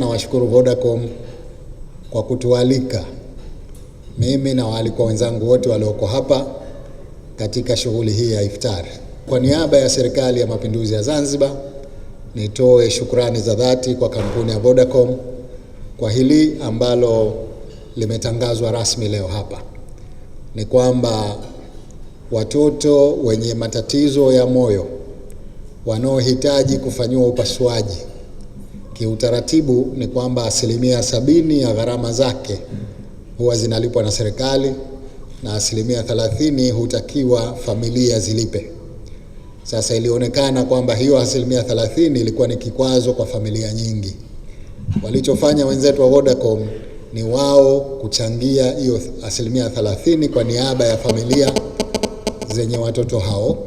nawashukuru Vodacom kwa kutualika mimi na waalikwa wenzangu wote walioko hapa katika shughuli hii ya iftari. Kwa niaba ya Serikali ya Mapinduzi ya Zanzibar, nitoe shukrani za dhati kwa kampuni ya Vodacom kwa hili ambalo limetangazwa rasmi leo hapa. Ni kwamba watoto wenye matatizo ya moyo wanaohitaji kufanyiwa upasuaji Kiutaratibu ni kwamba asilimia sabini ya gharama zake huwa zinalipwa na serikali na asilimia thelathini hutakiwa familia zilipe. Sasa ilionekana kwamba hiyo asilimia thelathini ilikuwa ni kikwazo kwa familia nyingi. Walichofanya wenzetu wa Vodacom ni wao kuchangia hiyo asilimia thelathini kwa niaba ya familia zenye watoto hao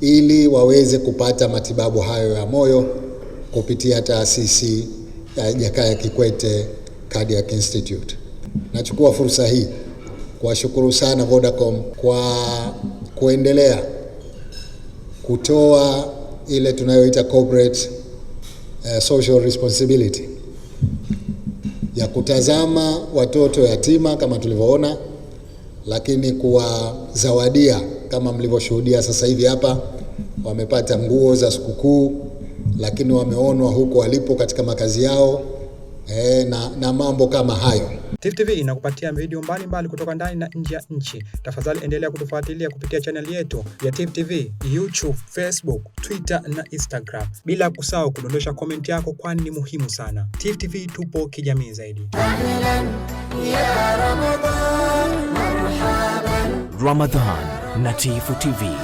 ili waweze kupata matibabu hayo ya moyo kupitia taasisi ya Jakaya Kikwete Cardiac Institute. Nachukua fursa hii kuwashukuru sana Vodacom kwa kuendelea kutoa ile tunayoita corporate uh, social responsibility ya kutazama watoto yatima kama tulivyoona, lakini kuwazawadia kama mlivyoshuhudia sasa hivi hapa, wamepata nguo za sikukuu lakini wameonwa huko walipo katika makazi yao e, na, na mambo kama hayo. Tifu TV inakupatia video mbalimbali mbali kutoka ndani na nje ya nchi. Tafadhali endelea kutufuatilia kupitia chaneli yetu ya Tifu TV, YouTube, Facebook, Twitter na Instagram, bila kusahau kudondosha komenti yako, kwani ni muhimu sana. Tifu TV tupo kijamii zaidi. ramadan na Tifu TV.